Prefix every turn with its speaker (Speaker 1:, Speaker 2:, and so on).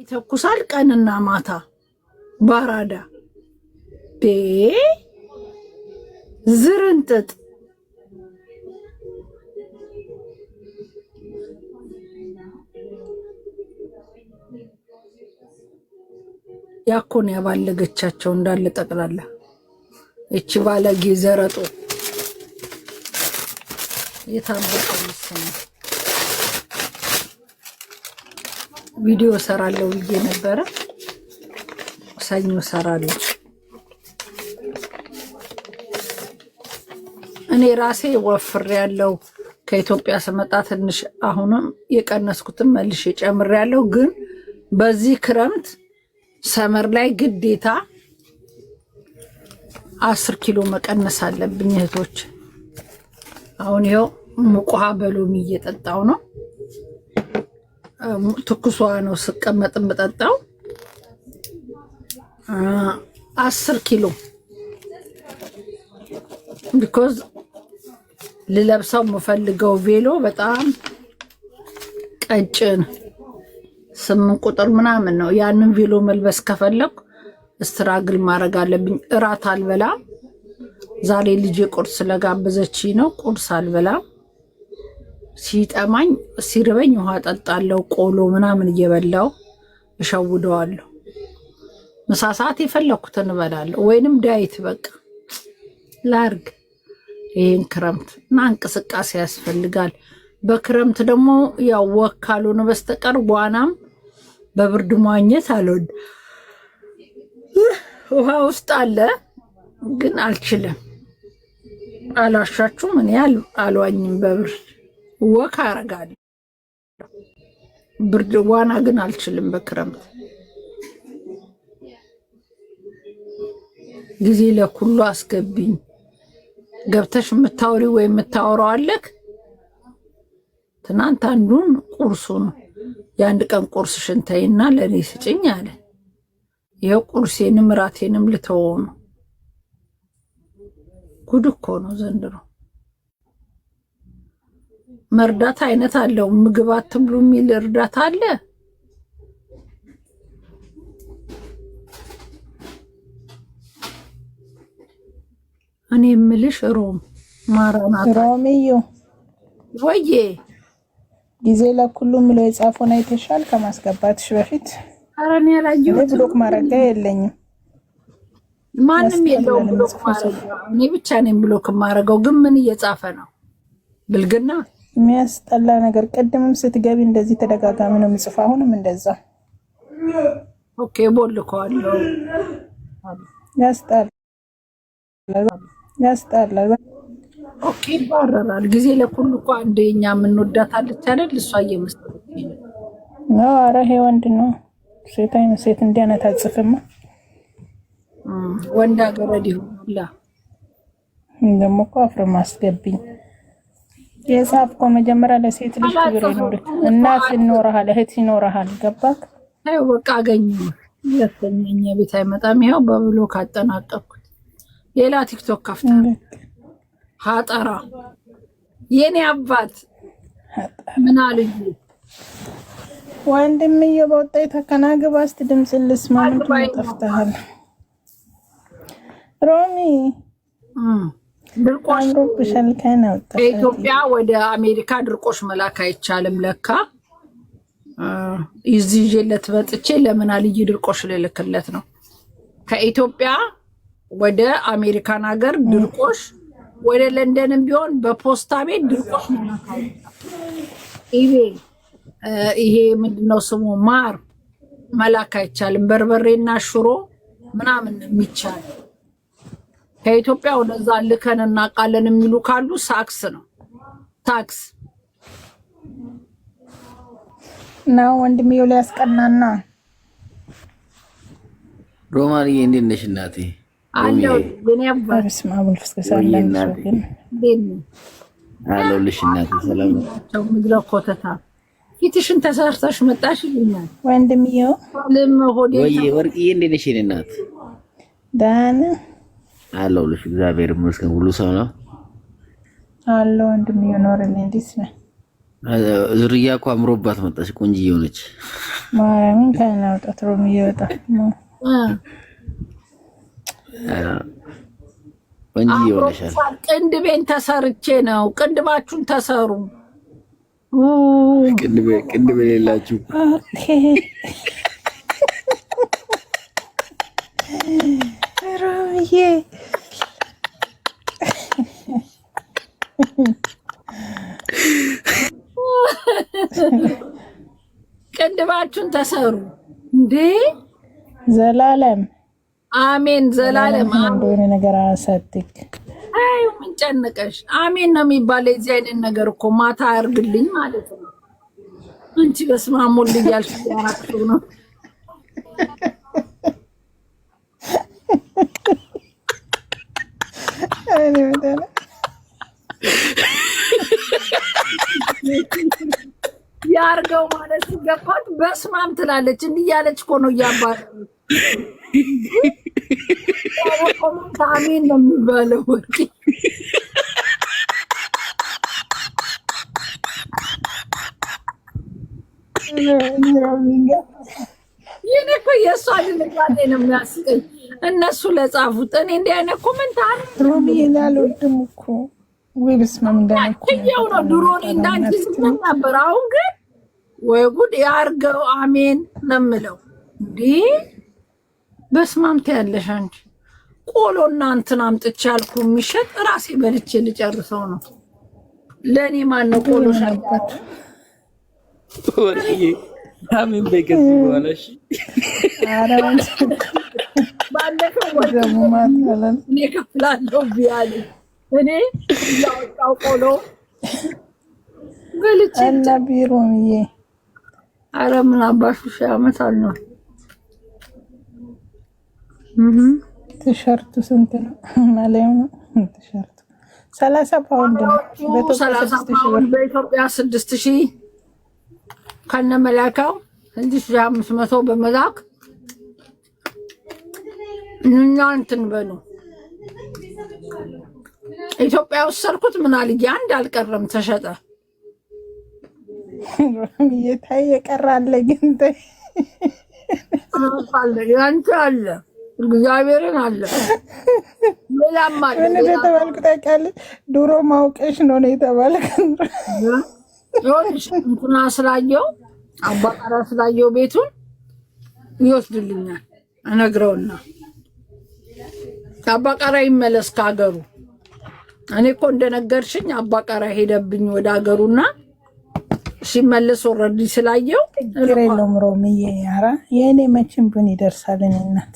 Speaker 1: ይተኩሳል ቀንና ማታ ባራዳ ቤ ዝርንጥጥ ያኮን ያባለገቻቸው እንዳለ ጠቅላላ እቺ ባለጌ ዘረጦ የታበቀ ነው። ቪዲዮ ሰራለው ብዬ ነበረ። ሰኞ ሰራለሁ። እኔ ራሴ ወፍር ያለው ከኢትዮጵያ ስመጣ ትንሽ አሁንም የቀነስኩትን መልሼ ጨምር ያለው ግን በዚህ ክረምት ሰመር ላይ ግዴታ አስር ኪሎ መቀነስ አለብኝ እህቶች። አሁን ይኸው ሙቅ በሎሚ እየጠጣው ነው። ትኩሷ ነው ስቀመጥ የምጠጣው። አስር ኪሎ ቢኮዝ ልለብሰው የምፈልገው ቬሎ በጣም ቀጭን ስምንት ቁጥር ምናምን ነው። ያንን ቬሎ መልበስ ከፈለኩ ስትራግል ማድረግ አለብኝ። እራት አልበላም ዛሬ ልጄ ቁርስ ስለጋበዘች ነው ቁርስ አልበላም። ሲጠማኝ ሲርበኝ ውሃ ጠጣለሁ። ቆሎ ምናምን እየበላው እሸውደዋለሁ። ምሳ ሰዓት የፈለኩትን እበላለሁ። ወይንም ዳይት በቃ ላርግ ይህን ክረምት እና እንቅስቃሴ ያስፈልጋል። በክረምት ደግሞ ያው ወክ ካልሆነ በስተቀር ዋናም በብርድ ማግኘት አልወድ ውሃ ውስጥ አለ ግን አልችልም። አላሻችሁም? እኔ አልዋኝም በብርድ ወክ አረጋለሁ። ብርድ ዋና ግን አልችልም። በክረምት ጊዜ ለኩሉ አስገቢኝ። ገብተሽ የምታወሪ ወይ የምታወራው አለክ። ትናንት አንዱን ነው የአንድ ቀን ቁርስ ሽንተይና ለእኔ ስጭኝ አለ። ይኸው ቁርሴንም ራቴንም ልተወው ነው። ጉድ እኮ ነው ዘንድሮ። መርዳት አይነት አለው። ምግብ አትብሉ የሚል እርዳታ አለ። እኔ የምልሽ ሮም ማራናት ሮምዩ ወዬ ጊዜ ለኩሉም ብሎ የጻፈውን አይተሻል? ከማስገባትሽ በፊት አረን ያላየው ብሎክ ማረጋ የለኝም ማንም የለው ብሎክ ማረጋ። እኔ ብቻ ነኝ ብሎክ ማረገው። ግን ምን እየጻፈ ነው? ብልግና የሚያስጠላ ነገር። ቅድምም ስትገቢ እንደዚህ ተደጋጋሚ ነው የሚጽፋ፣ አሁንም እንደዛ። ኦኬ ቦልከዋለሁ። ያስጣል ያስጣላል። ኦኬ ይባረራል። ጊዜ ለኩሉ እኮ አንድ የኛ የምንወዳት አለች አይደል? እሷ እየመሰለኝ ነው። ኧረ ይሄ ወንድ ነው ሴት አይነ ሴት እንዲህ አይነት አጽፍማ ወንድ አገረድ ይሆናላ። ደግሞ እኮ አፍርም አስገብኝ የጻፍ እኮ መጀመሪያ ለሴት ልጅ ክብር ይኖር፣ እናት ይኖርሃል፣ እህት ይኖርሃል። ገባክ? አይ በቃ አገኘሁ። ሁለተኛ ቤት አይመጣም። ይኸው በብሎ አጠናቀቅኩት። ሌላ ቲክቶክ ከፍታ ሀጠራ የኔ አባት ምን አልዩ ወንድምዬ፣ በወጣይ ተከናግባ እስቲ ድምፅ ልስማ። ምንድን ነው ጠፍተሃል ሮሚ? ከኢትዮጵያ ወደ አሜሪካ ድርቆሽ መላክ አይቻልም። ለካ እዚህ ይዤለት መጥቼ ለምን አልይ ድርቆሽ ልልክለት ነው። ከኢትዮጵያ ወደ አሜሪካን ሀገር ድርቆሽ፣ ወደ ለንደንም ቢሆን በፖስታ ቤት ድርቆሽ መላክ ይቤ ይሄ ምንድነው ስሙ ማር መላክ አይቻልም። በርበሬና ሽሮ ምናምን የሚቻል ከኢትዮጵያ ወደዛ ልከን እናውቃለን የሚሉ ካሉ ሳክስ ነው ታክስ ነው። ወንድምየው ላይ ያስቀናን ነው።
Speaker 2: ሮማንዬ እንዴት ነሽ እናቴ? አለሁልሽ እናቴ። ሰላም
Speaker 1: ነው። ኮተታ ፊትሽን ተሰርተሽ መጣሽ ይልኛል ወንድምየው።
Speaker 2: ወርቅዬ እንዴት ነሽ እናት? ደህና አለሁልሽ። እግዚአብሔር ይመስገን ሁሉ ሰው ነው
Speaker 1: አለ ወንድም ይኖርልኝ። እንዴት ነህ?
Speaker 2: እኮ አምሮባት መጣች፣ ቆንጆ እየሆነች
Speaker 1: ማርያምን ከናውጣ ትሮም እየወጣ
Speaker 2: ቆንጆ እየሆነሻል።
Speaker 1: ቅንድቤን ተሰርቼ ነው። ቅንድባችሁን ተሰሩ።
Speaker 2: ቅንድብ የሌላችሁ
Speaker 1: ሮምዬ ቅንድባችሁን ተሰሩ እንዴ ዘላለም አሜን። ዘላለም እንደሆነ ነገር አሳድግ። አይ ምን ጨነቀሽ? አሜን ነው የሚባለው። የዚህ አይነት ነገር እኮ ማታ አያርግልኝ ማለት ነው። አንቺ በስመ አብ ወልድ እያልሽ ነው አድርገው ማለት ሲገባት በስማም ትላለች። እንዲህ እያለች እኮ ነው እያባለ አሜን ነው የሚባለው። ወርቂ ይህን እኮ የእሷ ድንጋጤ ነው የሚያስቀኝ። እነሱ ለጻፉት እኔ እንዲህ አይነት ኮመንት አለ ሮሚላል እኮ ወይ በስማም እንዳልኩ ነው ድሮ እንዳንቺ ዝም ነበር። አሁን ግን ወይ ጉድ ያርገው። አሜን ነው የምለው። እንዲህ በስማምት ያለሽ አንቺ ቆሎና እንትን አምጥቼ አልኩ የሚሸጥ ራሴ በልቼ ልጨርሰው ነው። ለእኔ ማነው ቆሎ ሻባት
Speaker 2: አሜን በይ። ከዚህ በኋላ እሺ
Speaker 1: እኔ ከፍላለሁ ብያለሁ። እኔ እያወጣው ቆሎ በልቼ እና ቢሮዬ አረ ምን አባሹ ሺህ ዓመት አልኗል። ቲሸርቱ ስንት ነው? ማለያው ቲሸርቱ ሰላሳ ፓውንድ ነው። በኢትዮጵያ ስድስት ሺህ ከነ መላካው አምስት መቶ በመላክ እንትን በሉ ኢትዮጵያ ውስጥ ሰርኩት ምናልዬ አንድ አልቀረም ተሸጠ። ሮሚዬ የቀራለ ግን አለ ያንቺ አለ እግዚአብሔርን አለ ሌላም አለ። ምን እንደተባልኩ ታውቂያለሽ? ድሮ ማውቀሽ ነው ነው የተባልከው። እንትና ስላየው ስላየው ቤቱን ይወስድልኛል እነግረውና አባቃራ ይመለስ ከሀገሩ። እኔ እኮ እንደነገርሽኝ አባቃራ ሄደብኝ ወደ ሀገሩና ሲመለስ ኦልሬዲ ስላየው ችግር የለውም። ሮምዬ ኧረ የእኔ መቼም ብን ይደርሳል እናት